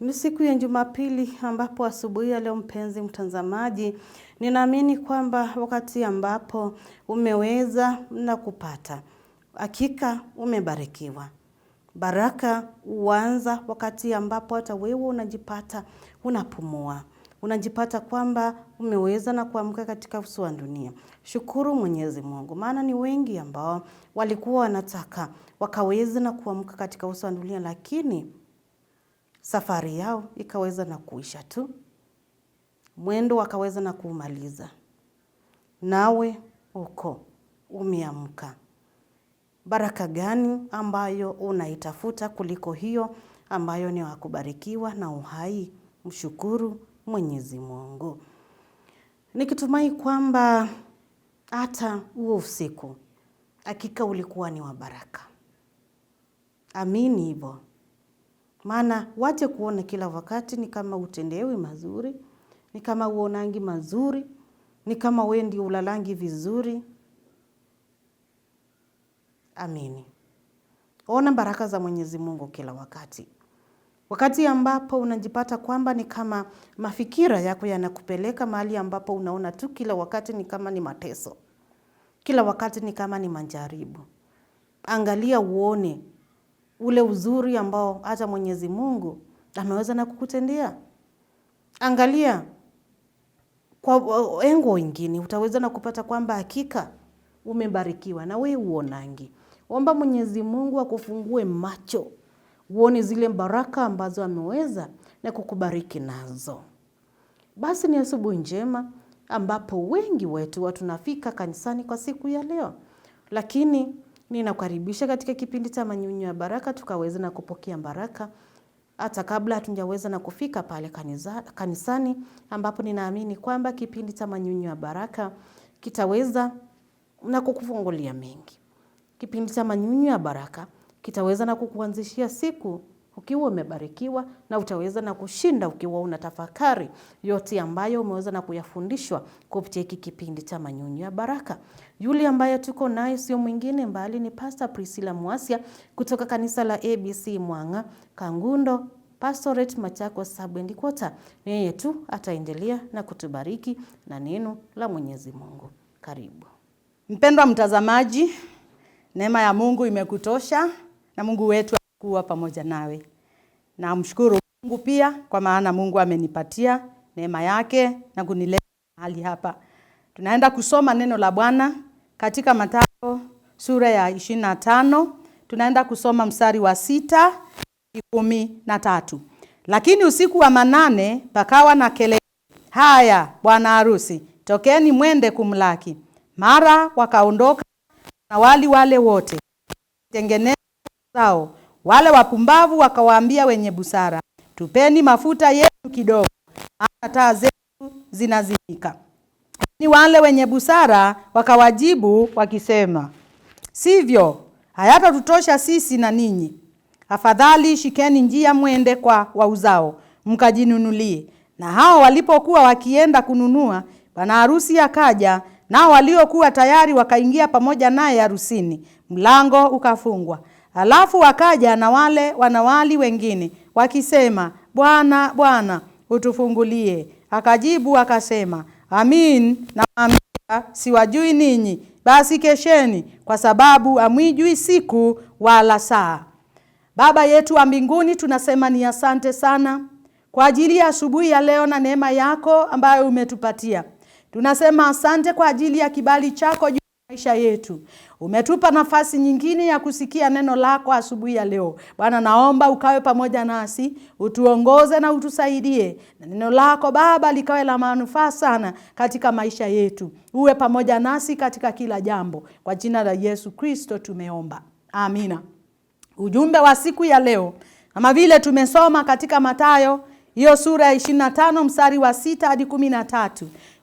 Ni siku ya Jumapili ambapo asubuhi ya leo, mpenzi mtazamaji, ninaamini kwamba wakati ambapo umeweza na kupata, hakika umebarikiwa. Baraka huanza wakati ambapo hata wewe unajipata unapumua, unajipata kwamba umeweza na kuamka katika uso wa dunia. Shukuru Mwenyezi Mungu, maana ni wengi ambao walikuwa wanataka wakaweza na kuamka katika uso wa dunia, lakini safari yao ikaweza na kuisha tu, mwendo wakaweza na kuumaliza. Nawe uko umeamka, baraka gani ambayo unaitafuta kuliko hiyo ambayo ni wakubarikiwa na uhai? Mshukuru Mwenyezi Mungu, nikitumai kwamba hata huo usiku hakika ulikuwa ni wa baraka. Amini hivyo maana wache kuona kila wakati ni kama utendewi mazuri, ni kama uonangi mazuri, ni kama wendi ulalangi vizuri. Amini, ona baraka za Mwenyezi Mungu kila wakati, wakati ambapo unajipata kwamba ni kama mafikira yako yanakupeleka mahali ambapo unaona tu kila wakati ni kama ni mateso, kila wakati ni kama ni majaribu. Angalia uone ule uzuri ambao hata Mwenyezi Mungu ameweza na kukutendia. Angalia kwa eh, engo wengine, utaweza na kupata kwamba hakika umebarikiwa na we uonangi. Omba Mwenyezi Mungu akufungue macho uone zile baraka ambazo ameweza na kukubariki nazo. Basi ni asubuhi njema ambapo wengi wetu watunafika kanisani kwa siku ya leo, lakini Ninakukaribisha katika kipindi cha Manyunyu ya Baraka tukaweze na kupokea baraka hata kabla hatujaweza na kufika pale kaniza, kanisani ambapo ninaamini kwamba kipindi cha Manyunyu ya Baraka kitaweza na kukufungulia mengi. Kipindi cha Manyunyu ya Baraka kitaweza na kukuanzishia siku ukiwa umebarikiwa na utaweza na kushinda ukiwa unatafakari yote ambayo umeweza na kuyafundishwa kupitia hiki kipindi cha Manyunyu ya Baraka. Yule ambaye tuko naye sio mwingine mbali ni Pastor Priscilla Mwasia kutoka kanisa la ABC Mwanga Kangundo Pastorate Machako Sub Yeye tu ataendelea na kutubariki na neno la Mwenyezi Mungu. Karibu mpendwa mtazamaji, neema ya Mungu imekutosha na Mungu wetu kuwa pamoja nawe. Namshukuru Mungu pia kwa maana Mungu amenipatia neema yake na kunileta mahali hapa. Tunaenda kusoma neno la Bwana katika Mathayo sura ya 25. Tunaenda kusoma mstari wa sita kumi na tatu. Lakini usiku wa manane pakawa na kelele, haya bwana harusi, tokeni mwende kumlaki. Mara wakaondoka na wali wale wote tengeneza zao wale wapumbavu wakawaambia wenye busara, tupeni mafuta yetu kidogo, maana taa zetu zinazimika. Ni wale wenye busara wakawajibu wakisema, sivyo, hayatatutosha sisi na ninyi. Afadhali shikeni njia mwende kwa wauzao, mkajinunulie. Na hao walipokuwa wakienda kununua, bwana harusi akaja, nao waliokuwa tayari wakaingia pamoja naye harusini, mlango ukafungwa alafu wakaja na wale wanawali wengine wakisema, Bwana, Bwana, utufungulie. Akajibu akasema, Amin nawaambia, siwajui ninyi, basi kesheni, kwa sababu hamwijui siku wala saa. Baba yetu wa mbinguni, tunasema ni asante sana kwa ajili ya asubuhi ya leo na neema yako ambayo umetupatia. Tunasema asante kwa ajili ya kibali chako juu maisha yetu. Umetupa nafasi nyingine ya kusikia neno lako asubuhi ya leo. Bwana, naomba ukawe pamoja nasi, utuongoze na utusaidie, na neno lako Baba likawe la manufaa sana katika maisha yetu. Uwe pamoja nasi katika kila jambo, kwa jina la Yesu Kristo tumeomba, amina. Ujumbe wa siku ya leo kama vile tumesoma katika matayo hiyo sura ya 25 mstari wa 6 hadi 13 na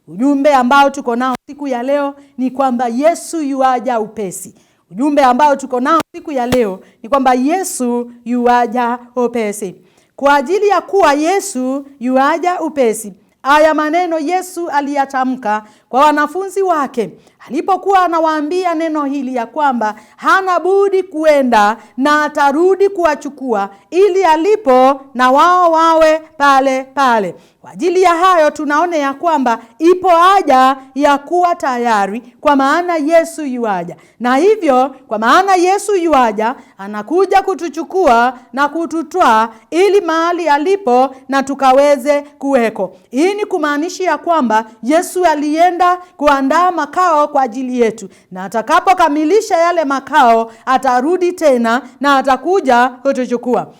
Ujumbe ambao tuko nao siku ya leo ni kwamba Yesu yuaja upesi. Ujumbe ambao tuko nao siku ya leo ni kwamba Yesu yuaja upesi. Kwa ajili ya kuwa Yesu yuaja upesi, haya maneno Yesu aliyatamka kwa wanafunzi wake Alipokuwa anawaambia neno hili ya kwamba hana budi kuenda na atarudi kuwachukua ili alipo na wao wawe pale pale. Kwa ajili ya hayo tunaona ya kwamba ipo haja ya kuwa tayari, kwa maana Yesu yuaja. Na hivyo kwa maana Yesu yuaja, anakuja kutuchukua na kututwaa ili mahali alipo na tukaweze kuweko. Hii ni kumaanisha ya kwamba Yesu alienda kuandaa makao kwa ajili yetu, na atakapokamilisha yale makao atarudi tena na atakuja kutuchukua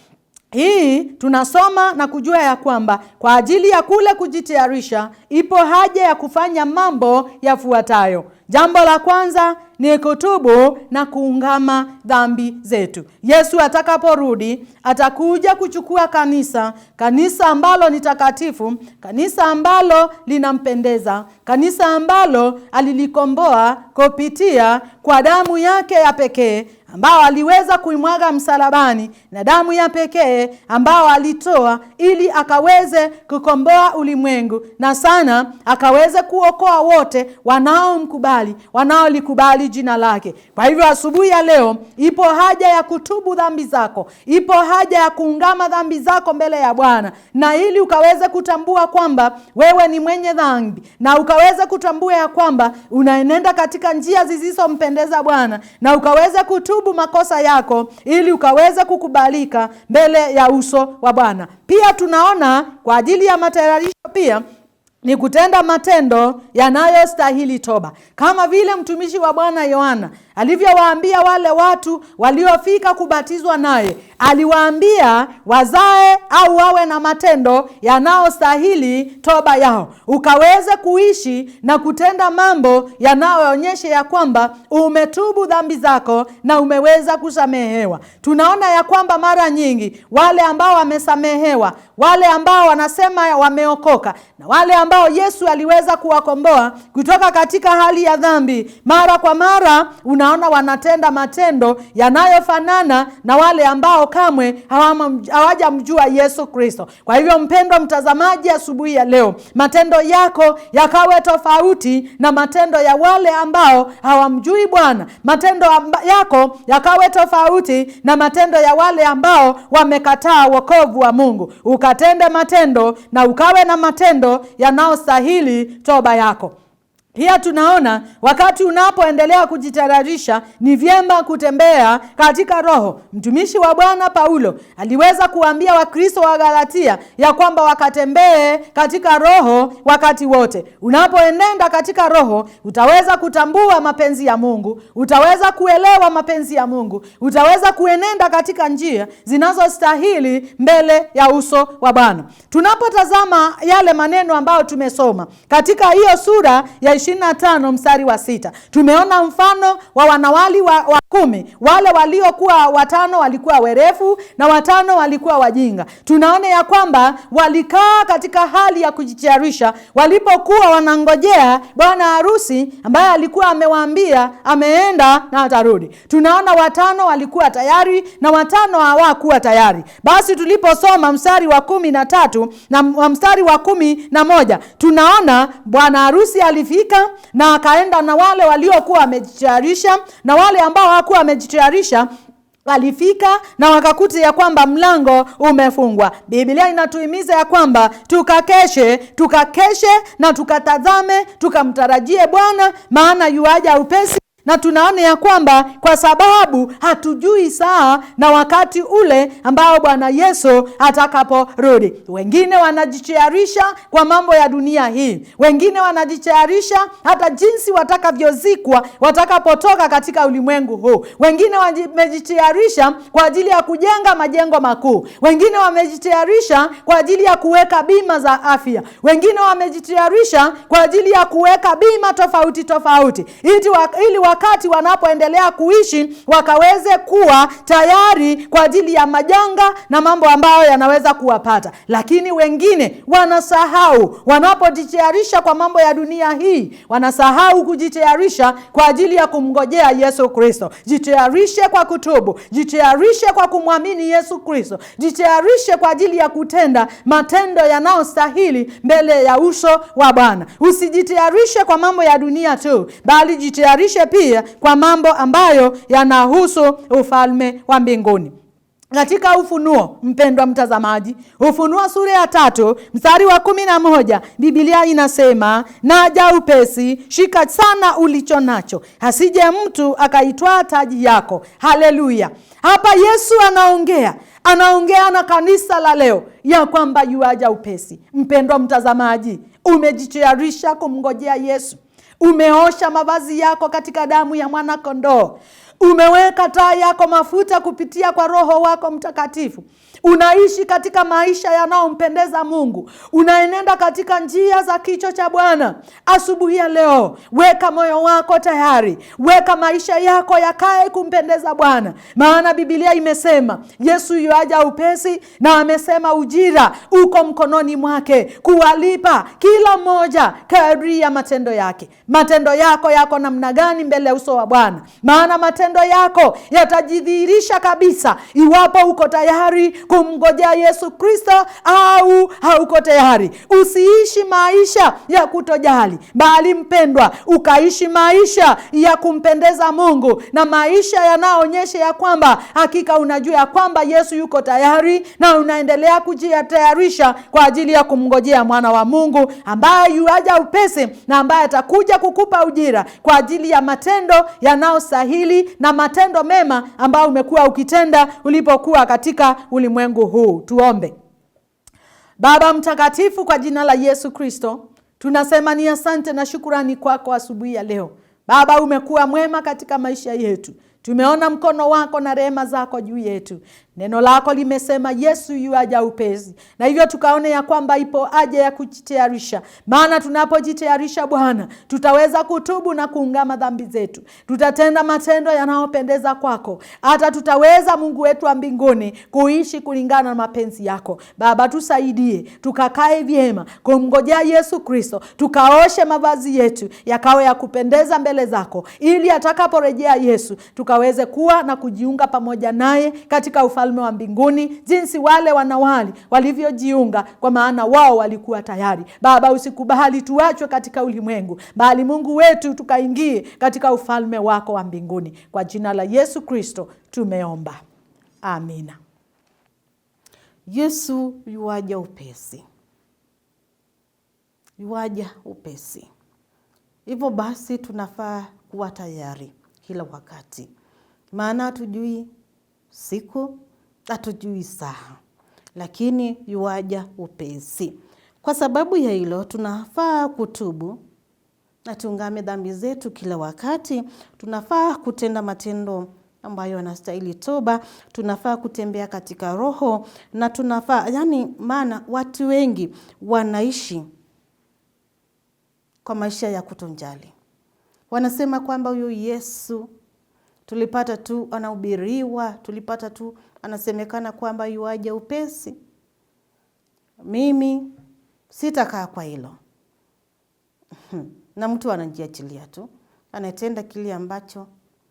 hii tunasoma na kujua ya kwamba kwa ajili ya kule kujitayarisha ipo haja ya kufanya mambo yafuatayo. Jambo la kwanza ni kutubu na kuungama dhambi zetu. Yesu atakaporudi atakuja kuchukua kanisa, kanisa ambalo ni takatifu, kanisa ambalo linampendeza, kanisa ambalo alilikomboa kupitia kwa damu yake ya pekee ambao aliweza kuimwaga msalabani na damu ya pekee ambao alitoa ili akaweze kukomboa ulimwengu, na sana akaweze kuokoa wote wanaomkubali, wanaolikubali jina lake. Kwa hivyo, asubuhi ya leo ipo haja ya kutubu dhambi zako, ipo haja ya kuungama dhambi zako mbele ya Bwana, na ili ukaweze kutambua kwamba wewe ni mwenye dhambi na ukaweze kutambua ya kwamba unaenenda katika njia zisizompendeza Bwana na ukaweze kutubu ukatubu makosa yako ili ukaweze kukubalika mbele ya uso wa Bwana. Pia tunaona kwa ajili ya matayarisho pia ni kutenda matendo yanayostahili toba, kama vile mtumishi wa Bwana Yohana alivyowaambia wale watu waliofika kubatizwa naye, aliwaambia wazae au wawe na matendo yanayostahili toba yao, ukaweze kuishi na kutenda mambo yanayoonyesha ya kwamba umetubu dhambi zako na umeweza kusamehewa. Tunaona ya kwamba mara nyingi wale ambao wamesamehewa, wale ambao wanasema wameokoka na wale ambao ambao Yesu aliweza kuwakomboa kutoka katika hali ya dhambi. Mara kwa mara unaona wanatenda matendo yanayofanana na wale ambao kamwe hawajamjua Yesu Kristo. Kwa hivyo, mpendwa mtazamaji, asubuhi ya leo matendo yako yakawe tofauti na matendo ya wale ambao hawamjui Bwana. Matendo yako yakawe tofauti na matendo ya wale ambao wamekataa wokovu wa Mungu. Ukatende matendo na ukawe na matendo yana unaostahili toba yako. Pia tunaona wakati unapoendelea kujitayarisha, ni vyema kutembea katika Roho. Mtumishi wa Bwana Paulo aliweza kuambia Wakristo wa Galatia ya kwamba wakatembee katika Roho wakati wote. Unapoenenda katika Roho, utaweza kutambua mapenzi ya Mungu, utaweza kuelewa mapenzi ya Mungu, utaweza kuenenda katika njia zinazostahili mbele ya uso wa Bwana. Tunapotazama yale maneno ambayo tumesoma katika hiyo sura ya 25 mstari wa sita tumeona mfano wa wanawali wa, wa kumi wale waliokuwa watano walikuwa werefu na watano walikuwa wajinga. Tunaona ya kwamba walikaa katika hali ya kujitayarisha walipokuwa wanangojea bwana harusi ambaye alikuwa amewaambia ameenda na atarudi. Tunaona watano walikuwa tayari na watano hawakuwa tayari. Basi tuliposoma mstari wa kumi na tatu na mstari wa kumi na moja tunaona bwana harusi alifika wamefika na akaenda na wale waliokuwa wamejitayarisha, na wale ambao hawakuwa wamejitayarisha walifika na wakakuta ya kwamba mlango umefungwa. Biblia inatuhimiza ya kwamba tukakeshe, tukakeshe na tukatazame, tukamtarajie Bwana, maana yuaja upesi na tunaona ya kwamba kwa sababu hatujui saa na wakati ule ambao Bwana Yesu atakaporudi. Wengine wanajitayarisha kwa mambo ya dunia hii, wengine wanajitayarisha hata jinsi watakavyozikwa watakapotoka katika ulimwengu huu. Wengine wamejitayarisha kwa ajili ya kujenga majengo makuu, wengine wamejitayarisha kwa ajili ya kuweka bima za afya, wengine wamejitayarisha kwa ajili ya kuweka bima tofauti tofauti ili wakati wanapoendelea kuishi wakaweze kuwa tayari kwa ajili ya majanga na mambo ambayo yanaweza kuwapata. Lakini wengine wanasahau, wanapojitayarisha kwa mambo ya dunia hii, wanasahau kujitayarisha kwa ajili ya kumngojea Yesu Kristo. Jitayarishe kwa kutubu, jitayarishe kwa kumwamini Yesu Kristo, jitayarishe kwa ajili ya kutenda matendo yanayostahili mbele ya uso wa Bwana. Usijitayarishe kwa mambo ya dunia tu, bali jitayarishe pia kutuhusia kwa mambo ambayo yanahusu ufalme wa mbinguni. Katika Ufunuo, mpendwa mtazamaji, Ufunuo sura ya tatu mstari wa kumi na moja Biblia inasema naja upesi, shika sana ulicho nacho, asije mtu akaitwaa taji yako. Haleluya! Hapa Yesu anaongea anaongea na kanisa la leo ya kwamba yuaja upesi. Mpendwa mtazamaji, umejitayarisha kumngojea Yesu? Umeosha mavazi yako katika damu ya mwana kondoo. Umeweka taa yako mafuta kupitia kwa Roho wako Mtakatifu unaishi katika maisha yanayompendeza Mungu, unaenenda katika njia za kicho cha Bwana. Asubuhi ya leo, weka moyo wako tayari, weka maisha yako yakae kumpendeza Bwana, maana Bibilia imesema Yesu yuaja upesi, na amesema ujira uko mkononi mwake kuwalipa kila mmoja kadri ya matendo yake. Matendo yako yako namna gani mbele ya uso wa Bwana? Maana matendo yako yatajidhihirisha kabisa iwapo uko tayari kumgojea Yesu Kristo au hauko tayari? Usiishi maisha ya kutojali, bali mpendwa, ukaishi maisha ya kumpendeza Mungu na maisha yanayoonyesha ya kwamba hakika unajua ya kwamba Yesu yuko tayari na unaendelea kujitayarisha kwa ajili ya kumgojea mwana wa Mungu ambaye yuaja upesi na ambaye atakuja kukupa ujira kwa ajili ya matendo yanayostahili na matendo mema ambayo umekuwa ukitenda ulipokuwa katika ulimwengu ulimwengu huu. Tuombe. Baba mtakatifu, kwa jina la Yesu Kristo tunasema ni asante na shukurani kwako kwa asubuhi ya leo Baba, umekuwa mwema katika maisha yetu. Tumeona mkono wako na rehema zako juu yetu. Neno lako limesema Yesu yu aja upesi, na hivyo tukaone ya kwamba ipo haja ya kujitayarisha, maana tunapojitayarisha Bwana tutaweza kutubu na kuungama dhambi zetu, tutatenda matendo yanayopendeza kwako, hata tutaweza Mungu wetu wa mbinguni kuishi kulingana na mapenzi yako. Baba, tusaidie tukakae vyema kumngojea Yesu Kristo, tukaoshe mavazi yetu yakawe ya kupendeza mbele zako, ili atakaporejea Yesu tukaweze kuwa na kujiunga pamoja naye katika ufa ufalme wa mbinguni, jinsi wale wanawali walivyojiunga, kwa maana wao walikuwa tayari. Baba, usikubali tuachwe katika ulimwengu, bali Mungu wetu tukaingie katika ufalme wako wa mbinguni. Kwa jina la Yesu Kristo tumeomba, amina. Yesu yuwaja upesi, yuwaja upesi. Hivyo basi tunafaa kuwa tayari kila wakati, maana hatujui siku hatujui saa lakini yuwaja upesi. Kwa sababu ya hilo, tunafaa kutubu na tuungame dhambi zetu kila wakati. Tunafaa kutenda matendo ambayo anastahili toba. Tunafaa kutembea katika Roho na tunafaa yani, maana watu wengi wanaishi kwa maisha ya kutonjali. Wanasema kwamba huyu Yesu tulipata tu anahubiriwa, tulipata tu anasemekana kwamba yuaje upesi. Mimi sitakaa kwa hilo na mtu anajiachilia tu, anatenda kile ambacho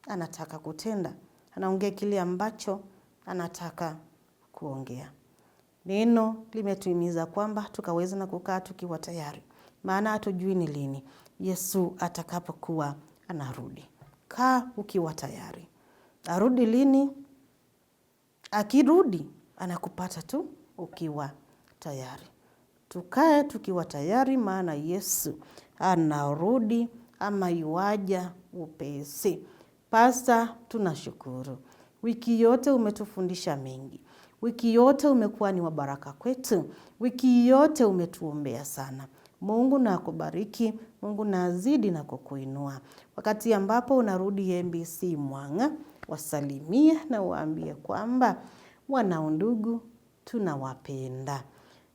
anataka kutenda, anaongea kile ambacho anataka kuongea. Neno limetuhimiza kwamba tukaweza na kukaa tukiwa tayari, maana hatujui ni lini Yesu atakapokuwa anarudi. Kaa ukiwa tayari, arudi lini? Akirudi anakupata tu ukiwa tayari. Tukae tukiwa tayari, maana Yesu anarudi ama yuaja upesi. Pasta, tunashukuru wiki yote umetufundisha mengi, wiki yote umekuwa ni wa baraka kwetu, wiki yote umetuombea sana. Mungu na akubariki, Mungu na azidi na kukuinua. Wakati ambapo unarudi MBC Mwanga, wasalimie na waambie kwamba ndugu tunawapenda.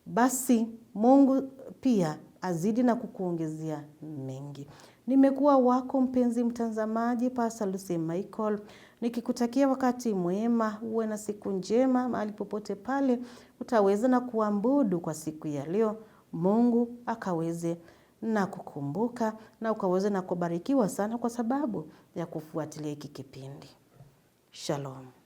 Basi Mungu pia azidi na kukuongezea mengi. Nimekuwa wako mpenzi mtazamaji, Pasta Lucy Michael, nikikutakia wakati mwema, uwe na siku njema mahali popote pale utaweza na kuambudu kwa siku ya leo. Mungu akaweze na kukumbuka na ukaweze na kubarikiwa sana kwa sababu ya kufuatilia hiki kipindi. Shalom.